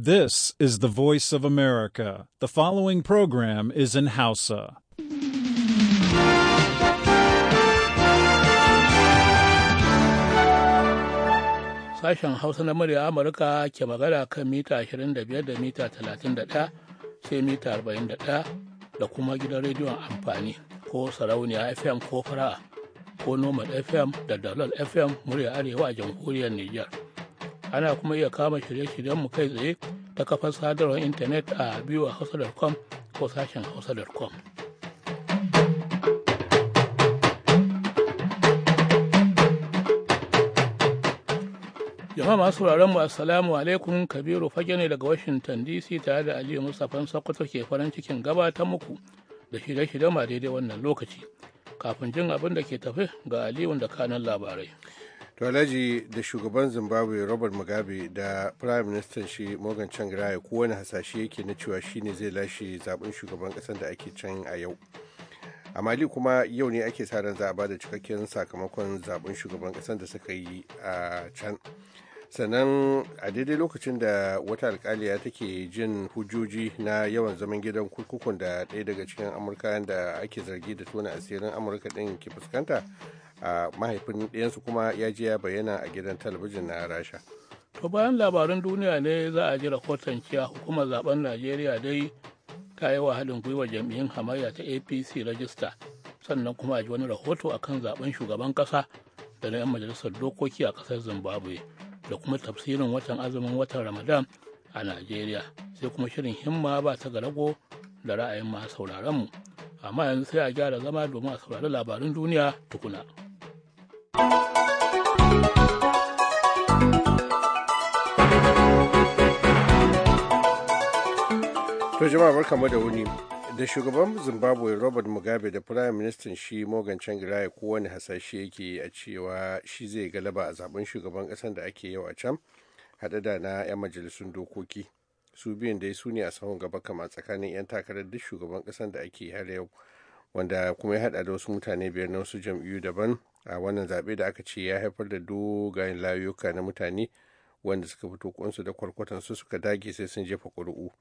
This is the voice of America. The following program is in Hausa. Sashen Hausa na murya Amurka ke magana kan mita 25 da mita 31 sai mita 41 da kuma gidan rediyon amfani ko sarauniya FM ko fara'a ko Nomad FM da Dalol FM murya Arewa a jamhuriyar Nijar. ana kuma iya kama shirye-shiryenmu kai tsaye ta kafar sadarwar intanet a biyu a hausa.com ko sashen hausa.com jama'a masu sauraron mu assalamu alaikum kabiru fage ne daga washington dc tare da aliyu mustapha sokoto ke farin cikin gabata muku da shirye-shirye ma daidai wannan lokaci kafin jin abin da ke tafi ga aliyu da kanan labarai to alhaji da shugaban zimbabwe robert mugabe da prime minister shi morgan changraya ko wani hasashe yake na cewa shine zai lashe zaben shugaban kasar da ake can a yau a mali kuma yau ne ake sa ran za a bada cikakken sakamakon zaben shugaban kasar da suka yi a can sannan a daidai lokacin da wata alkaliya take jin hujjoji na yawan zaman gidan kurkukun da ɗaya daga cikin amurka da ake zargi da tona asirin amurka ɗin ke fuskanta A mahaifin ɗayansu kuma ya je ya bayyana a gidan talabijin na rasha to bayan labaran duniya ne za a ji rahoton cewa hukumar zaben najeriya dai ta yi wa haɗin gwiwa jam'iyyun hamayya ta apc rajista sannan kuma a ji wani rahoto a kan zaben shugaban ƙasa da na 'yan majalisar dokoki a ƙasar zimbabwe da kuma tafsirin watan azumin watan ramadan a najeriya sai kuma shirin himma ba ta rago da ra'ayin masu sauraronmu amma yanzu sai a gyara zama domin a saurari labarin duniya tukuna. To jama'a barkamu da wuni. Da shugaban Zimbabwe Robert Mugabe da Firayim Ministan shi Morgan Tsvangirai ko wani hasashe yake a cewa shi zai galaba a zaben shugaban kasar da ake yau a can hada da na 'yan majalisun dokoki. Su biyun dai su ne a sahun gaba kama tsakanin 'yan takarar duk shugaban kasar da ake har yau wanda kuma ya hada da wasu mutane biyar na wasu jam'iyyu daban a wannan zaɓe da aka ce ya haifar da dogayen layuka na mutane wanda suka fito kunsu da kwarkwatansu suka dage sai sun jefa ƙuri'u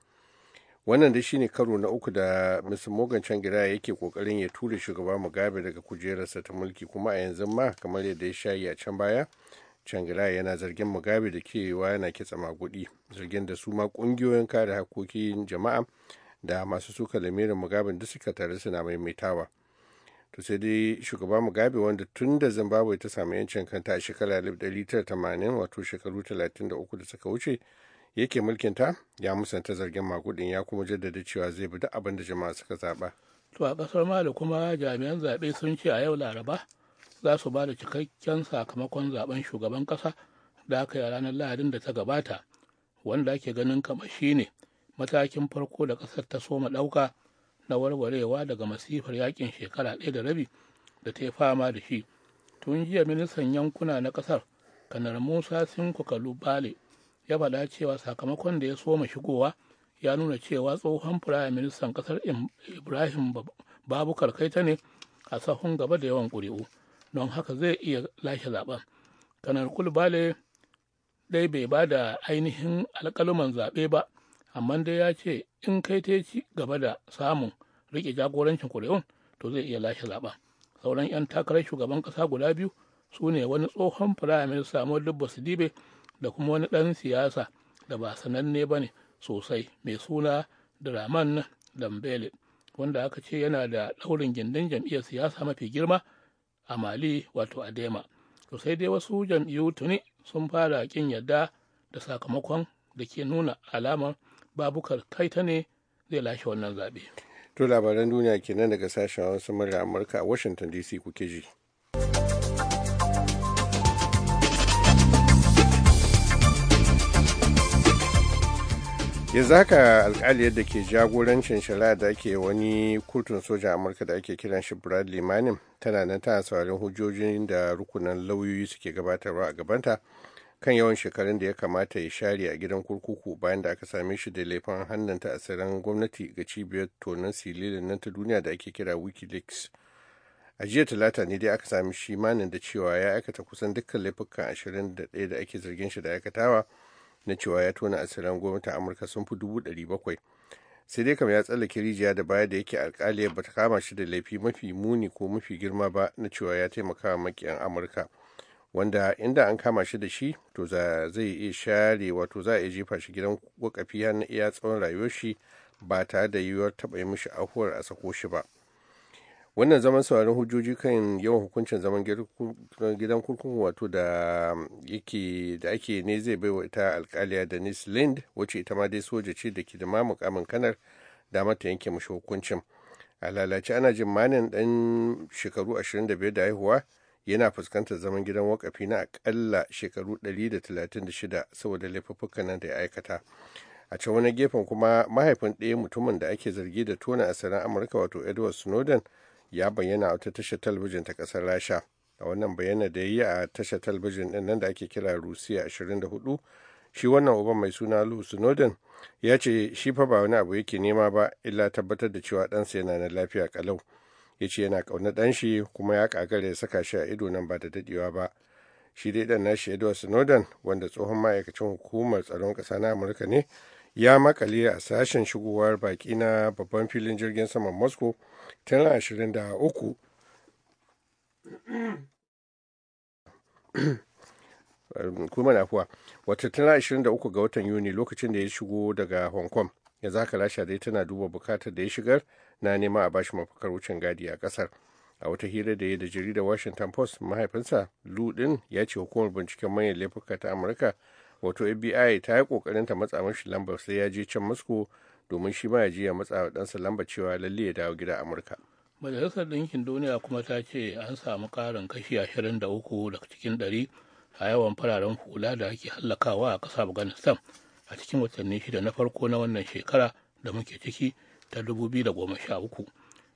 wannan da shine karo na uku da mr morgan changira yake kokarin ya tura shugaba mugabe daga kujerarsa ta mulki kuma a yanzu ma kamar yadda ya shayi a can baya changira yana zargin mugabe da kewa yana kitsa magudi zargin da su ma kungiyoyin kare hakokin jama'a da masu suka lamirin mugabe da suka tare suna maimaitawa to sai dai shugaba mugabe wanda tun da zimbabwe ta samu yancin kanta a shekarar 1980 wato shekaru 33 da suka wuce yake mulkinta ya musanta zargin makudin ya kuma jaddada cewa zai bi duk abin da jama'a suka zaba to a kasar mali kuma jami'an zaɓe sun ce a yau laraba za su ba da cikakken sakamakon zaben shugaban ƙasa da aka yi a ranar lahadin da ta gabata wanda ake ganin kamar shine matakin farko da ƙasar ta soma ɗauka na warwarewa daga masifar yakin shekara ɗaya da rabi da ta yi fama da shi tun jiya ministan yankuna na ƙasar kanar musa sinku kalubale ya faɗa cewa sakamakon da ya soma shigowa ya nuna cewa tsohon firayim ministan ƙasar ibrahim babu karkaita ne a sahun gaba da yawan ƙuri'u don haka zai iya lashe zaben kanar kulbale dai bai ba da ainihin alƙaluman zaɓe ba amma dai ya ce in kai ta ci gaba da samun rike jagorancin kuri'un to zai iya lashe zaɓa sauran 'yan takarar shugaban ƙasa guda biyu su ne wani tsohon firayim samuwar dubba sidibe da kuma wani ɗan siyasa da ba sananne ba ne sosai mai suna draman dambele wanda aka ce yana da ɗaurin gindin jam'iyyar siyasa mafi girma a mali wato adema to sai dai wasu jam'iyyu tuni sun fara ƙin yadda da sakamakon da ke nuna alamar babukar kaita ne zai lashe wannan zaɓe. To labaran duniya kenan daga sashen wasu murya Amurka a Washington DC kuke ji. yanzu haka alkaliyar da ke jagorancin shari'a da ake wani kurtun sojan amurka da ake kiran shi bradley manning tana nan tana saurin hujjojin da rukunan lauyoyi suke gabatarwa a gabanta kan yawan shekarun da ya kamata ya share a gidan kurkuku bayan da aka same shi da laifin hannunta asirin gwamnati ga cibiyar tonon sililin nan ta duniya da ake kira wikileaks a jiya talata ne dai aka sami shi manin da cewa ya aikata kusan dukkan laifukan ashirin da ɗaya da ake zargin shi da aikatawa na cewa ya tona asirin gwamnatin amurka sun fi dubu ɗari bakwai sai dai kam ya tsallake rijiya da baya da yake alkali ba ta kama shi da laifi mafi muni ko mafi girma ba na cewa ya taimaka wa makiyan amurka wanda inda an kama shi da shi to zai iya share wato za a iya jefa shi gidan wakafi har na iya tsawon rayuwar shi ba tare da yiwuwar taɓa yi mishi ahuwar a sako shi ba wannan zaman sauran hujjoji kan yawan hukuncin zaman gidan kurkuku wato da yake da ake ne zai bai wa ita alkaliya denise lind wacce ita ma dai soja ce da ke da ma mukamin kanar da ta yanke mashi hukuncin a lalace ana jin manin dan shekaru 25 da haihuwa yana fuskantar zaman gidan wakafi na akalla shekaru 136 saboda laifuffukan nan da ya aikata a can wani gefen kuma mahaifin ɗaya mutumin da ake zargi da tona asirin amurka wato edward snowden ya bayyana wata tashar talabijin ta ƙasar rasha a wannan bayyana da ya yi a tashar talabijin ɗin nan da ake kira rusiya 24 shi wannan uban mai suna lu snowden ya ce shi fa ba wani abu yake nema ba illa tabbatar da cewa ɗansa yana na lafiya kalau ya ce yana ƙaunar ɗan shi kuma ya ƙagara ya saka shi a ido nan ba da daɗewa ba shi dai ɗan nashi edward snowden wanda tsohon ma'aikacin hukumar tsaron ƙasa na amurka ne ya makale a sashen shigowar baƙi na babban filin jirgin saman moscow tun ashirin da kuma na kuwa wata 23 ga watan yuni lokacin da ya shigo daga hong kong yanzu zaka lashe dai tana duba bukatar da ya shigar na nema a bashi mafakar wucin gadi a kasar a wata hira da ya da jarida washington post mahaifinsa lu ludin ya ce hukumar binciken manyan laifuka ta amurka wato fbi ta yi kokarin ta matsa mashi lamba sai ya je can masko domin shi ma ya je ya matsa wa ɗansa lamba cewa lalle ya dawo gida amurka majalisar ɗinkin duniya kuma ta ce an samu ƙarin kashi ashirin da uku daga cikin ɗari a yawan fararen hula da ake hallakawa a ƙasar afghanistan a cikin watanni shida na farko na wannan shekara da muke ciki ta 2013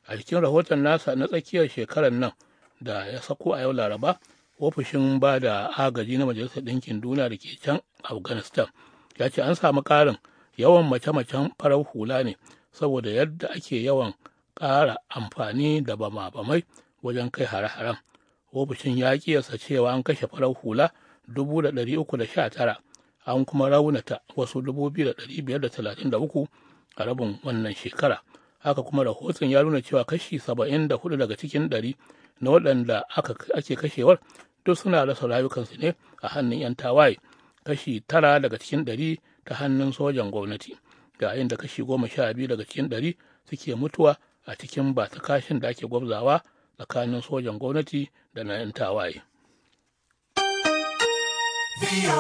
a cikin rahoton nasa na tsakiyar shekarar nan da ya sako a yau laraba ofishin ba da agaji na majalisar ɗinkin duniya da ke can afghanistan ya ce an samu ƙarin yawan mace-macen farar hula ne saboda yadda ake yawan ƙara amfani da bama-bamai wajen kai hare-haren ofishin ya kiyasta cewa an kashe farar hula dubu da sha tara. an kuma raunata wasu 2,533 a rabin wannan shekara haka kuma rahoton ya nuna cewa kashi 74 daga cikin 100 na waɗanda ake kashewar duk suna rasa rayukansu ne a hannun 'yan tawaye kashi tara daga cikin ɗari ta hannun sojan gwamnati yayin da kashi goma sha biyu daga cikin ɗari suke mutuwa a cikin kashin da ake gwabzawa tsakanin sojan gwamnati da na 'yan tawaye Barin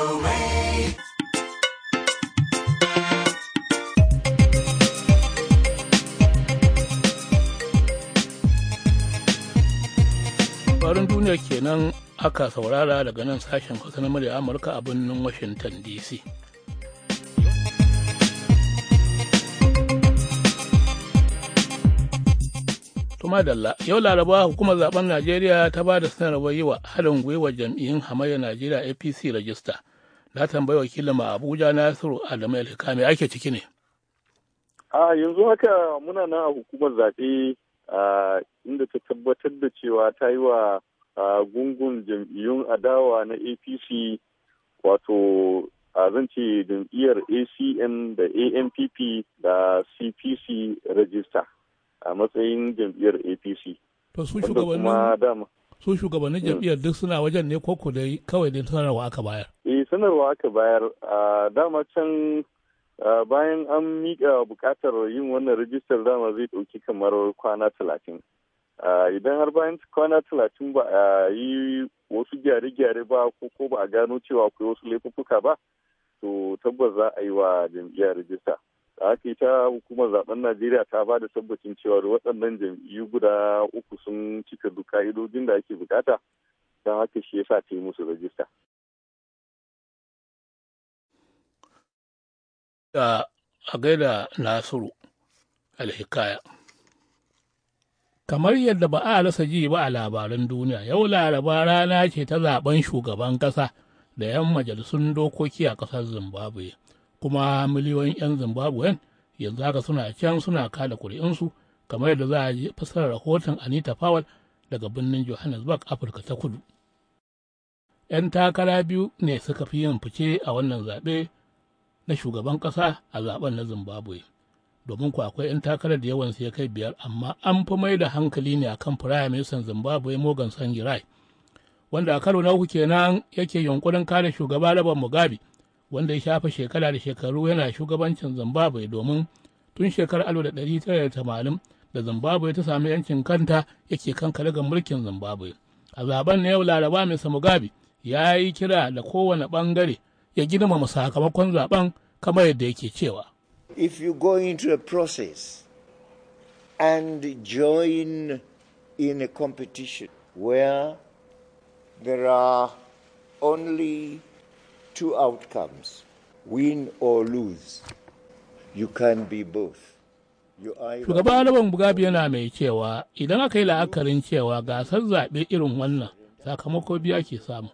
duniya kenan aka saurara daga nan sashen kusa na murya Amurka a birnin Washington DC. madalla yau laraba hukumar zaben najeriya ta ba da sanarwar yi wa haɗin gwiwa jam'iyyun hamayyar najeriya apc rajista na tambayi wakilin ma abuja nasiru adamu alhikami ake ciki ne a yanzu haka muna nan a hukumar zaɓe inda ta tabbatar da cewa ta yi wa gungun jam'iyyun adawa na apc wato a zan ce jam'iyyar acn da ampp da cpc rajista a matsayin jam'iyyar apc to su shugabannin su shugabannin jam'iyyar duk suna wajen ne koko da kawai ne sanarwa aka bayar eh sanarwa aka bayar a dama can bayan an miƙa buƙatar yin wannan rijistar dama zai ɗauki kamar kwana talatin idan har bayan kwana talatin ba a yi wasu gyare-gyare ba ko ko ba a gano cewa akwai wasu laifuffuka ba to tabbas za a yi wa jam'iyyar rijista da aka yi ta hukumar zaben najeriya ta ba da tabbacin cewa waɗannan jam'iyyu guda uku sun cika duk ka'idojin da ake bukata don haka shi ya sa ta yi musu rajista da a gaida nasiru alhikaya kamar yadda ba a rasa ji ba a labaran duniya yau laraba rana ce ta zaben shugaban ƙasa da 'yan majalisun dokoki a ƙasar zimbabwe kuma miliyoyin 'yan Zimbabwean, yanzu haka suna can suna kada kuri'unsu kamar yadda za a ji fasarar rahoton anita powell daga birnin johannesburg afirka ta kudu 'yan takara biyu ne suka fi yin fice a wannan zaɓe na shugaban ƙasa a zaɓen na zimbabwe domin ku akwai 'yan takarar da yawan ya kai biyar amma an fi mai da hankali ne akan firaministan zimbabwe morgan sangirai wanda a karo na uku kenan yake yunkurin kare shugaba laban mugabe wanda ya shafa shekara da shekaru yana shugabancin zimbabwe domin tun shekarar 1980 da zimbabwe ta sami yancin kanta yake kan ga mulkin zimbabwe a zaben na yau laraba mai samugabi ya yi kira da kowane bangare ya girmama sakamakon zaben kamar yadda yake cewa if you go into a process and join in a competition where there are only two outcomes win or lose. You can be both. Shugaba Laban Bugabi yana mai cewa idan aka yi la'akarin cewa gasar zaɓe irin wannan sakamako biya ke samu,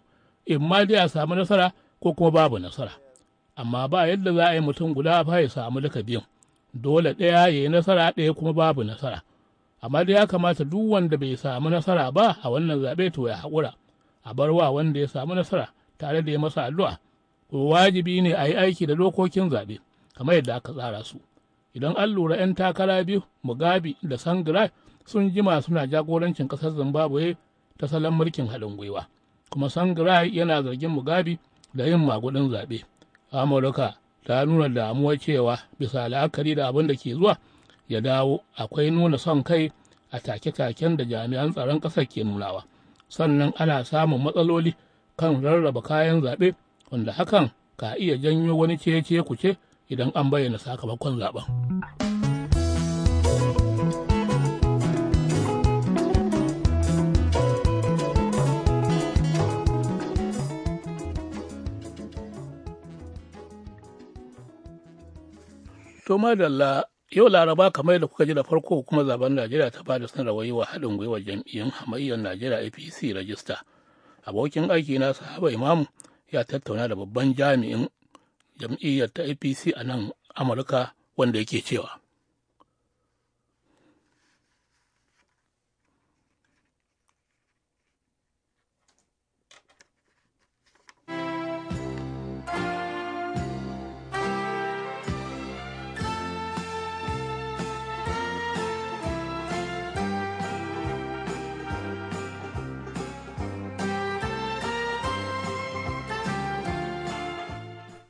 in ma dai a samu nasara ko kuma babu nasara. Amma ba yadda za a yi mutum guda ba ya samu duka biyun, dole ɗaya ya yi nasara ɗaya kuma babu nasara. Amma dai ya kamata duk wanda bai samu nasara ba a wannan zaɓe to ya haƙura, a bar wa wanda ya samu nasara tare da ya masa addu'a wajibi ne a yi aiki da dokokin zaɓe kamar yadda aka tsara su idan an lura 'yan takara biyu mugabe da sangrai sun jima suna jagorancin ƙasar zimbabwe ta salon mulkin haɗin gwiwa kuma sangrai yana zargin mugabe da yin magudin zaɓe amurka ta nuna damuwa cewa bisa la'akari da abin da ke zuwa ya dawo akwai nuna son kai a take-taken da jami'an tsaron ƙasar ke nunawa sannan ana samun matsaloli kan rarraba kayan zaɓe wanda hakan ka iya janyo wani cece ce idan an bayyana sakamakon zaben. To madalla yau laraba kamar da kuka ji da farko kuma zaben Najeriya ta bada sanarwa yi wa haɗin gwiwa jam'iyyun hamayyar Najeriya APC rajista. Abokin aiki na sahaba imamu ya tattauna da babban jami'in jam'iyyar ta apc a nan amurka wanda yake cewa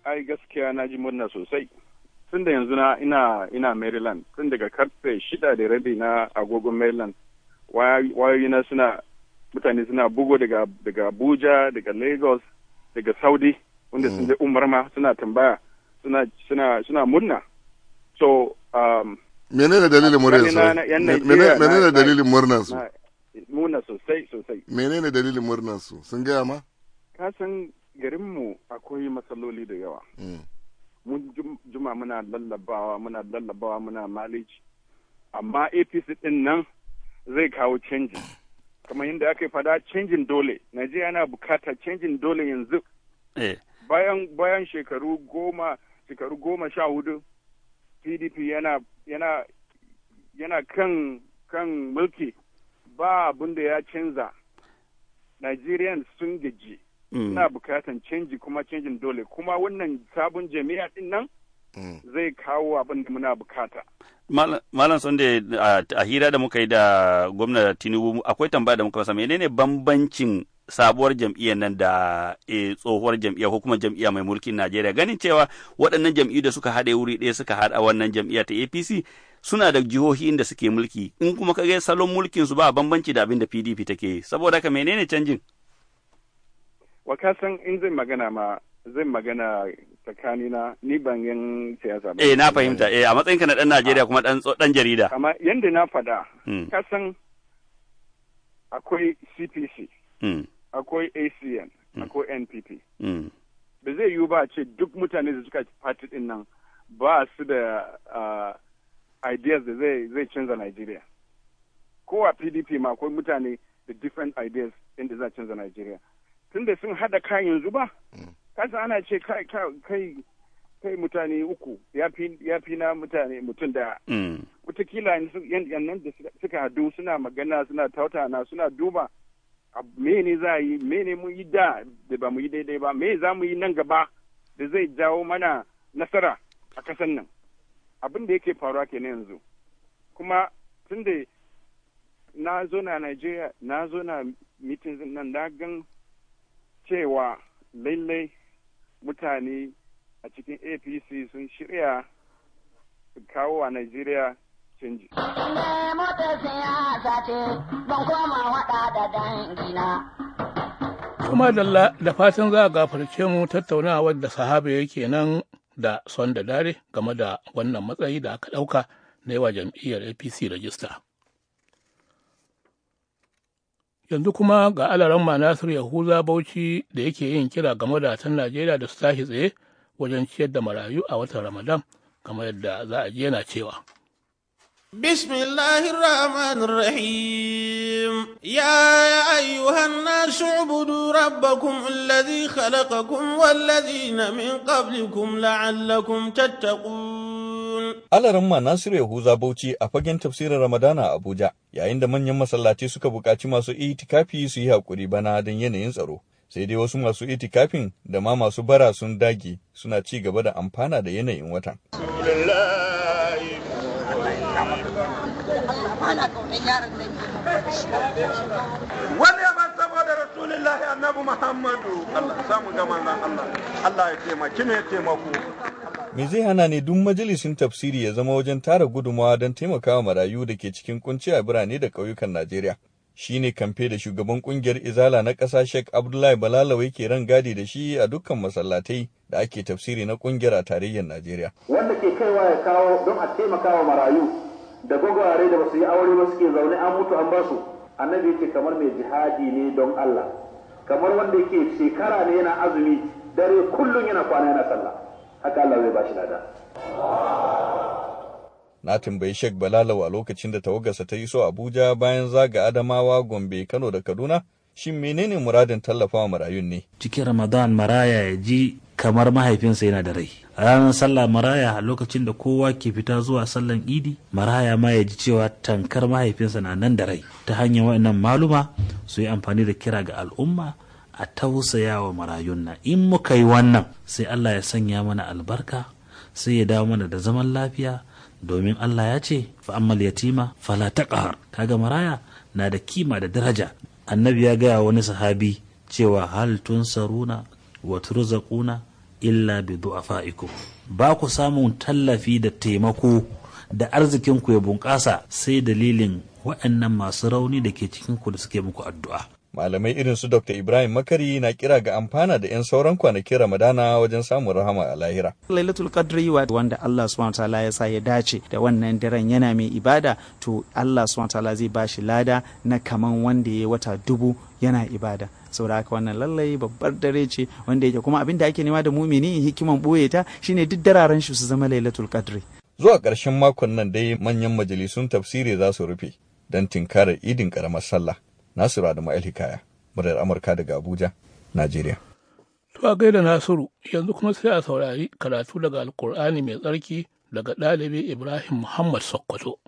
ai gaskiya na ji murna sosai tun da yanzu na ina ina Maryland tun daga karfe shida da rabi na agogon Maryland wayoyina suna mutane suna bugo daga daga Abuja daga Lagos daga Saudi wanda sun je mm. umar ma suna tambaya suna suna suna murna so um menene dalilin menene dalilin su murna sosai sosai menene dalilin murna su sun gaya ma ka san mu akwai matsaloli da yawa mm. mun juma muna lallabawa muna lallabawa muna malici amma apc din nan zai kawo canji kamar yadda aka yi fada canjin dole najeriya yana bukata canjin dole yanzu eh. bayan bayan shekaru goma shekaru goma sha hudu pdp yana kan kan mulki ba abin da ya canza nigerians sun gaji Ina mm. bukatan canji kuma canjin dole kuma wannan sabon jami'a din nan mm. zai kawo abin da muna bukata. Malam Sunday a hira da muka yi da gwamna Tinubu akwai tambaya da muka masa menene bambancin sabuwar jam'iyyar nan da eh, tsohuwar jam'iyyar ko kuma jam'iyya mai mulkin Najeriya ganin cewa waɗannan jam'iyyu da suka haɗe wuri ɗaya suka haɗa wannan jam'iyya ta APC suna da jihohi inda suke mulki in kuma ka ga salon mulkin su ba bambanci da abin da PDP take saboda haka menene canjin wa ka san in zai magana ma zai magana tsakanina ni ban yin siyasa ba eh na fahimta eh a matsayinka na dan Najeriya kuma dan dan jarida amma yanda na fada hmm. ka san akwai CPC hmm. akwai ACN hmm. akwai NPP ba zai yiwu ba ce duk mutane da suka party din nan ba su da ah, ideas da zai canza Najeriya. Ko PDP ma akwai mutane da different ideas inda za canza Najeriya. tunda sun hada ka yanzu ba mm. kasa ana ce kai kai mutane uku ya fi na mutane mutum mm. da watakila yannan da suka hadu suna magana suna tautana suna duba mene za yi mene mu yi da da ba mu yi daidai ba me za mu yi nan gaba da zai jawo mana nasara a kasan nan abin da yake faruwa ke kenan yanzu kuma tun da na zo na Najeriya na zo na mitin nan na gan cewa lallai mutane a cikin apc sun shirya kawo a Najeriya canji. Ne da Kuma da fatan za a gafarce mu tattaunawar da sahaba yake nan da son da dare game da wannan matsayi da aka ɗauka na yawa jam'iyyar APC rajista. yanzu kuma ga alaran manasar yahuza bauchi da yake yin kira ga madatan najeriya da su tashi tsaye wajen ciyar da marayu a watan ramadan kamar yadda za a ji yana cewa بسم الله الرحمن الرحيم يا أيها الناس اعبدوا ربكم الذي خلقكم والذين من قبلكم لعلكم تتقون Alaramma Nasiru Yahuza Bauchi a fagen tafsirin Ramadana a Abuja, yayin da manyan masallaci suka buƙaci masu itikafi su yi haƙuri bana don yanayin tsaro. Sai dai wasu masu itikafin da ma masu bara sun dage suna ci gaba da amfana da yanayin watan. Wani saboda Rasulullahi annabi Muhammadu Allah ya taimaki ne taimako Me zai hana ne duk majalisin tafsiri ya zama wajen tara gudunmawa don taimakawa marayu da ke cikin kunci a birane da ƙauyukan Najeriya. Shi ne kamfe da shugaban ƙungiyar Izala na ƙasa Sheikh Abdullahi Balalawa ke ran gadi da shi a dukkan masallatai da ake tafsiri na ƙungiyar a tarayyar Najeriya. Wanda ke kaiwa ya kawo don a taimakawa marayu da gwagware da basu yi aure ba suke zaune an mutu an basu. Annabi yake kamar mai jihadi ne don Allah. Kamar wanda yake shekara ne yana azumi dare kullum yana kwana yana sallah. haka Allah zai bashi lada na tambayi Sheikh Balalau a lokacin da tawagarsa ta yi so Abuja bayan zaga Adamawa, Gombe, Kano da Kaduna, shin menene muradin tallafawa marayun ne? Cikin Ramadan maraya ya ji kamar mahaifinsa yana da rai. a Ranar sallah maraya lokacin da kowa ke fita zuwa sallan idi, maraya ma ya ji cewa tankar mahaifinsa na nan da rai. Ta hanyar waɗannan maluma su yi amfani da kira ga al'umma a tausaya wa marayun nan in muka yi wannan sai Allah ya sanya mana albarka sai ya dawo mana da zaman lafiya domin Allah ya ce fa ammal yatima fala taqhar kaga maraya na da kima da daraja annabi ya gaya wani sahabi cewa hal tunsaruna wa turzaquna illa bi du'afaikum ba ku samun tallafi da taimako da arzikinku ya bunƙasa sai dalilin waɗannan masu rauni da ke cikin ku da suke muku addu'a Malamai irin su Dr. Ibrahim Makari na kira ga amfana da 'yan sauran kwanakin Ramadana wajen samun rahama a lahira. Lailatul Qadri wanda Allah subhanahu ta'ala ya sa ya dace da wannan daren yana mai ibada to Allah subhanahu ta'ala zai bashi lada na kaman wanda ya wata dubu yana ibada. saboda haka wannan lallai babbar dare ce wanda yake kuma abin da ake nema da mumini hikiman ɓoye ta shine duk dararen shi su zama lailatul qadri zuwa ƙarshen makon nan dai manyan majalisun tafsiri za su rufe don tinkarar idin ƙaramar sallah Nasiru Adamu Hikaya, muryar Amurka daga Abuja, Najeriya. To a gaida Nasiru, yanzu kuma sai a saurari karatu daga Alkur'ani mai tsarki daga ɗalibi Ibrahim Muhammad Sokoto.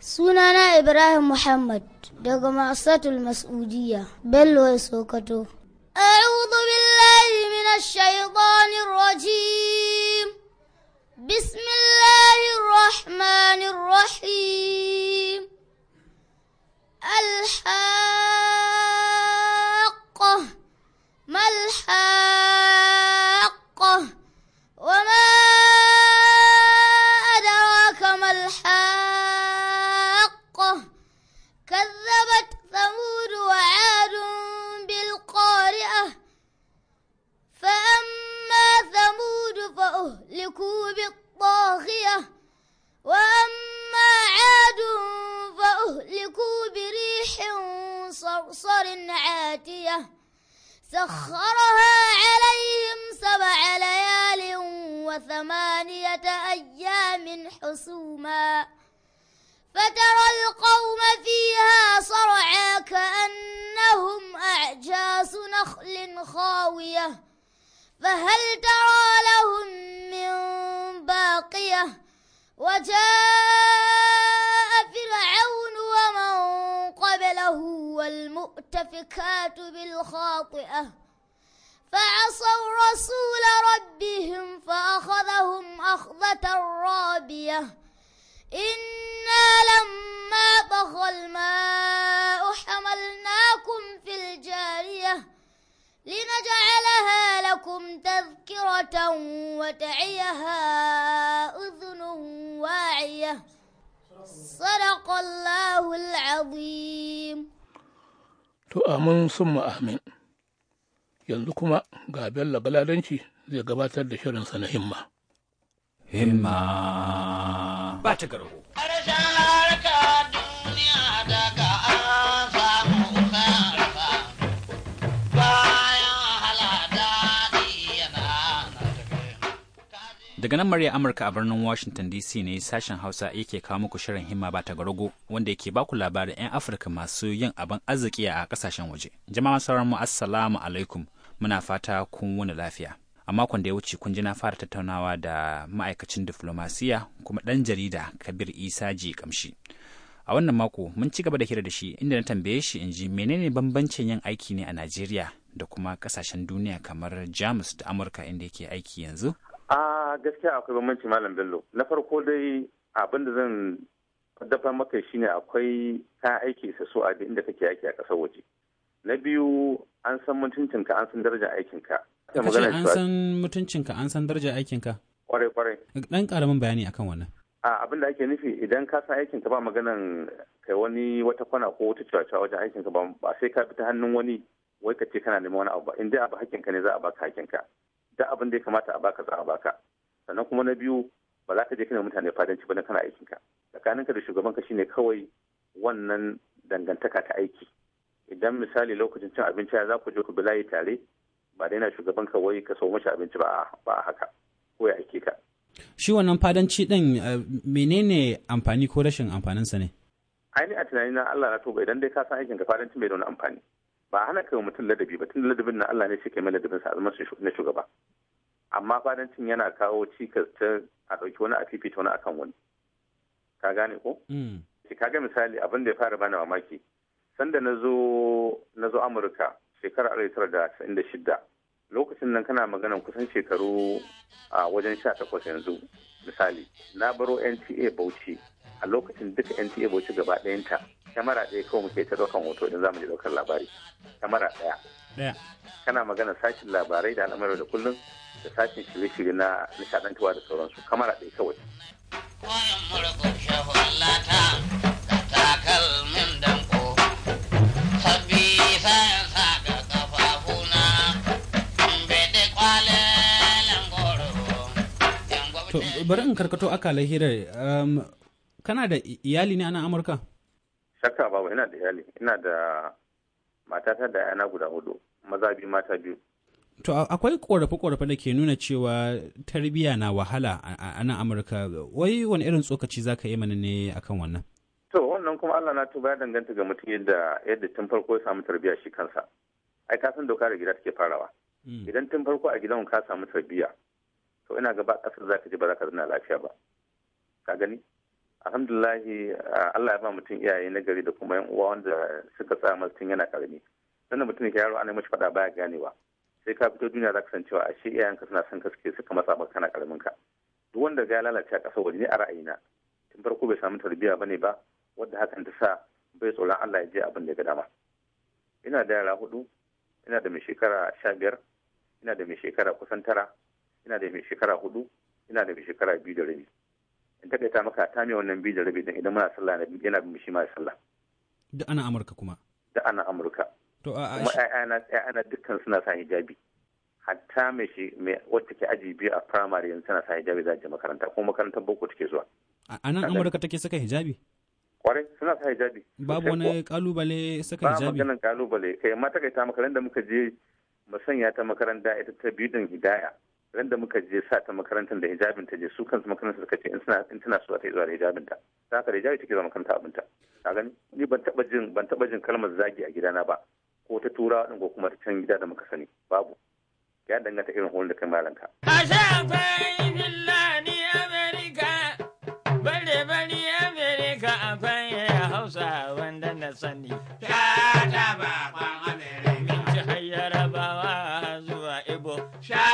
Sunana Ibrahim Muhammad daga Masatul mas'udiya Bello ya Sokoto. أعوذ بالله من الشيطان الرجيم فهل ترى لهم من باقية وجاء فرعون ومن قبله والمؤتفكات بالخاطئة فعصوا رسول ربهم فأخذهم أخذة رابية إنا لما طغى الماء حملناكم في الجارية لنجعلها لكم تذكرة وتعيها أذن واعية صدق الله العظيم to amin sun amin yanzu kuma ga bello galadanci zai gabatar da shirinsa na himma himma Daga nan murya Amurka a birnin Washington DC ne sashen Hausa yake kawo muku shirin himma ba ta garago wanda yake baku labarin 'yan Afirka masu yin abin arziki a kasashen waje. Jama'a sauran mu assalamu alaikum muna fata kun wani lafiya. A makon da ya wuce kun ji na fara tattaunawa da ma'aikacin diflomasiya kuma ɗan jarida Kabir Isa ji kamshi. A wannan mako mun ci gaba da hira da shi inda na tambaye shi in ji menene bambancin yin aiki ne a Najeriya da kuma kasashen duniya kamar Jamus da Amurka inda yake aiki yanzu. a gaskiya akwai bambanci malam bello na farko dai abin da zan dafa maka shine akwai ka aiki sa so a inda kake aiki a ƙasar waje na biyu an san mutuncinka an san darajar aikinka shi an san mutuncinka an san darajar aikinka kwarai kwarai dan karamin bayani akan wannan a abin da ake nufi idan ka san aikinka ba maganan kai wani wata kwana ko wata cewa wajen aikinka ba sai ka fita hannun wani wai ka ce kana neman wani abu ba in dai abu hakinka ne za a baka hakinka da abin da ya kamata a baka za a baka sannan kuma na biyu ba za ka je kana mutane fadanci ba na kana aikin ka tsakaninka da shugabanka shine kawai wannan dangantaka ta aiki idan misali lokacin cin abinci ya za ku je ku bilayi tare ba dai na shugaban ka wai ka so mashi abinci ba ba haka ko ya aike ka shi wannan fadanci din eh, menene amfani ko rashin amfaninsa ne ainihin a na Allah na toba idan dai ka san aikin ka fadanci bai da wani amfani ba hana kai mutum ladabi ba tun ladabin na Allah ne shi ke mai ladabin sa azumar na shugaba amma fadancin yana kawo cikas ta a ɗauki wani a fifita wani akan wani ka gane ko mm. ki kaga misali abin da ya fara bani mamaki sanda na zo na zo Amurka shekarar alif tara da casa'in da shida lokacin nan kana maganan kusan shekaru a wajen sha takwas yanzu misali na baro NTA Bauchi a lokacin duka NTA Bauchi gaba ɗayanta kamara ɗaya kawai muke ta ɗaukan hoto idan zamu je ɗaukar labari kamara ɗaya kana magana sashin labarai da al'amuran da kullum da sashin shirye-shirye na nishaɗantarwa da sauransu kamara ɗaya kawai bari in karkato akalai hirar um, kana da iyali ne a nan amurka shakka babu ina da iyali ina da matata da yana guda hudu maza biyu mata biyu to akwai korafe-korafe da ke nuna cewa tarbiyya na wahala a nan amurka wai wani irin tsokaci za ka yi mana ne akan wannan to wannan kuma allah na tuba ya danganta ga mutum yadda yadda tun farko ya samu tarbiyya shi kansa ai ka san doka da gida take farawa hmm. idan tun farko a gidan ka samu tarbiyya to ina ga ba kasar za ka ji ba za ka zana lafiya ba ka gani alhamdulahi uh, Allah ya ba mutum iyaye na gari da kuma yan uwa wanda suka tsaya masu tun yana karami sannan mutum ke yaro ana mashi faɗa baya ganewa sai ka fito duniya za ka san cewa a ashe iyayenka suna son kaske suka matsa maka kana karamin ka duk wanda ga lalace a ƙasar waje ne a ra'ayina tun farko bai samu tarbiyya ba ne ba wadda hakan ta sa bai tsoron Allah ya je abin da ya ga dama ina da yara hudu ina da mai shekara sha biyar ina da mai shekara kusan tara ina da mai shekara hudu ina da mai shekara biyu da rabi in ta maka ta mai wannan biyu da rabi idan muna sallah yana bin shi ma sallah da ana amurka kuma da ana amurka to a kuma ƴaƴana dukkan suna sa hijabi hatta mai shi mai wata ke aji biyu a primary yanzu tana sa hijabi za je makaranta ko makarantar boko take zuwa a nan amurka take saka hijabi kwarai suna sa hijabi babu wani kalubale saka hijabi ba maganin kalubale kai ma ta kai ta makaranta muka je mu sanya ta makaranta ita ta biyu din hidaya ran da muka je sa ta makarantar da hijabin ta je su kansu makarantar suka ce in tana so ta yi zuwa da hijabin ta ta haka da hijabi take zama makaranta abinta ta a gani ni ban taba jin ban taba jin kalmar zagi a gidana ba ko ta tura din ko kuma ta can gida da muka sani babu ya danganta irin holin da kai malanka a sha ni bare a hausa na ta kwan min ci zuwa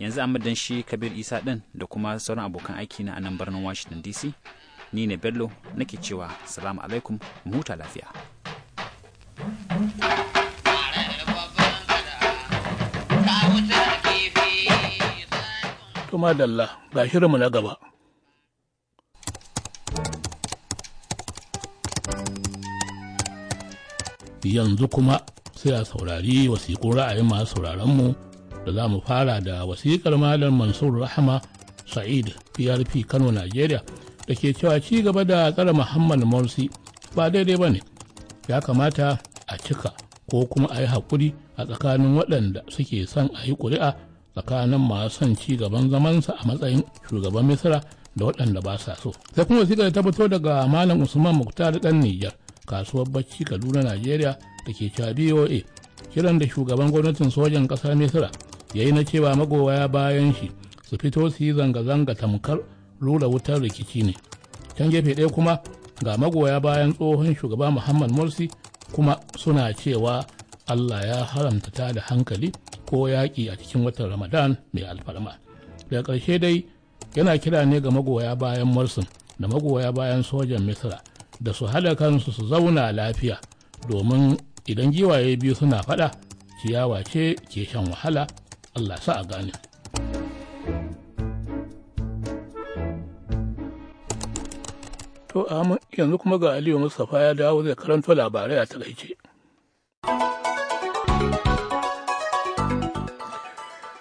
yanzu an madan shi kabir isa ɗin da kuma sauran abokan aiki na anan birnin washington dc ni ne bello nake cewa salamu alaikum mu huta lafiya kuma dalla ga shirinmu na gaba yanzu kuma sai a saurari wasiƙun ra'ayin masu sauraronmu da za mu fara da wasikar malam mansur rahama sa'id prp kano nigeria da ke cewa ci gaba da tsare muhammad morsi ba daidai ba ne ya kamata a cika ko kuma a yi haƙuri a tsakanin waɗanda suke son a yi ƙuri'a tsakanin masu son ci gaban zamansa a matsayin shugaban misira da waɗanda ba sa so sai kuma wasikar ta fito daga malam usman muktar ɗan nijar kasuwar bacci kaduna Nigeria da ke cewa boa kiran da shugaban gwamnatin sojan ƙasar misira ya yi na cewa magoya bayan shi su fito su yi zanga-zanga tamkar rura wutar rikici ne can gefe ɗaya kuma ga magoya bayan tsohon shugaba muhammad morsi kuma suna cewa allah ya haramta ta da hankali ko yaƙi a cikin watan ramadan mai alfarma daga ƙarshe dai yana kira ne ga magoya bayan morsin da magoya bayan sojan misra da su hada kansu su zauna lafiya domin idan giwaye biyu suna faɗa ciyawa ce ke shan wahala Allah sa a gane. To Ahmad yanzu kuma ga Aliyu Mustapha ya dawo zai karanto labarai a takaice.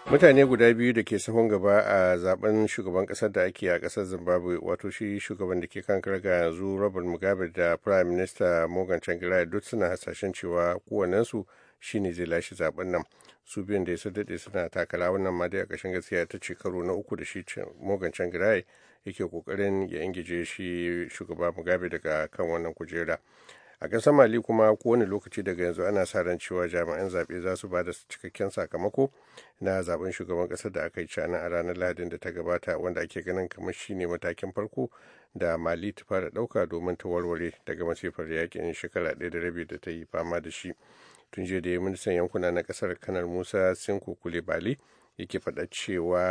mutane guda biyu da ke sahun gaba a zaben shugaban ƙasar da ake a ƙasar zimbabwe wato shi shugaban da ke kan karga yanzu robert mugabe da prime minister morgan Tsvangirai, duk suna hasashen cewa kowannensu shine zai lashe zaben nan su biyun da ya su daɗe suna takala wannan ma dai a ƙarshen gaskiya ta ce karo na uku da shi Morgan Tsvangirai yake kokarin ya ingije shi shugaba Mugabe daga kan wannan kujera. A ƙasar Mali kuma kowane lokaci daga yanzu ana sa ran cewa jami'an zaɓe za su ba da cikakken sakamako na zaben shugaban ƙasar da aka yi cana a ranar Lahadin da ta gabata wanda ake ganin kamar shi shine matakin farko da Mali ta fara ɗauka domin ta warware daga masifar yakin shekara ɗaya da rabi da ta yi fama da shi. tun jiya da ya ministan yankuna na kasar kanar musa sinku kulebali yake faɗa cewa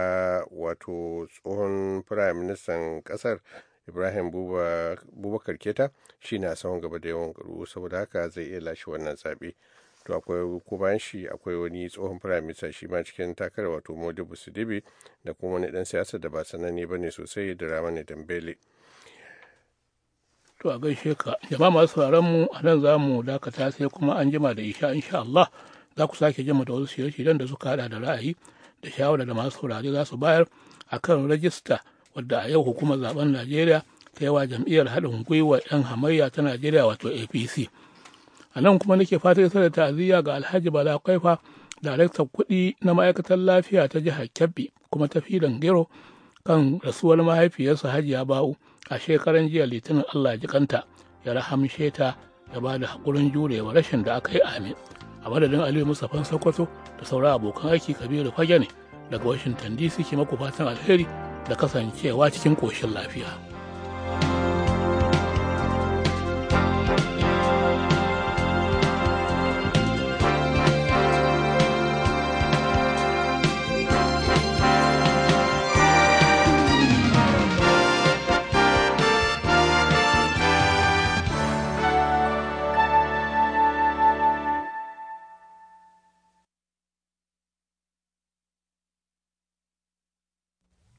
wato tsohon firayim ministan kasar ibrahim bubakar keta shi na tsawon gaba da yawan garu saboda haka zai iya lashe wannan zaɓe to akwai ko bayan shi akwai wani tsohon firayim shi ma cikin takarar wato modibu sidibe da kuma wani ɗan siyasa da ba sananne ba ne sosai da ramani dambele to a gaishe ka jama masu sauraron mu a nan za mu dakata sai kuma an jima da isha insha Allah za ku sake jima da wasu shirye-shiryen da suka hada da ra'ayi da shawara da masu saurari za su bayar kan rajista wadda a yau hukumar zaben Najeriya ta yawa jam'iyyar haɗin gwiwa 'yan hamayya ta Najeriya wato APC. A nan kuma nake fatan isar da ta'aziyya ga Alhaji Bala Kwaifa, daraktan kuɗi na ma'aikatar lafiya ta jihar Kebbi kuma ta filin Gero kan rasuwar mahaifiyarsa Hajiya Ba'u. a shekaran jiya litinin allah jikanta ya rahamshe ta ya ba da haƙurin jurewa rashin da aka yi ame a madadin aliyu musafan sokoto da saura abokan aiki kabiru fage ne daga washington dc ke maku fatan alheri da kasancewa cikin koshin lafiya.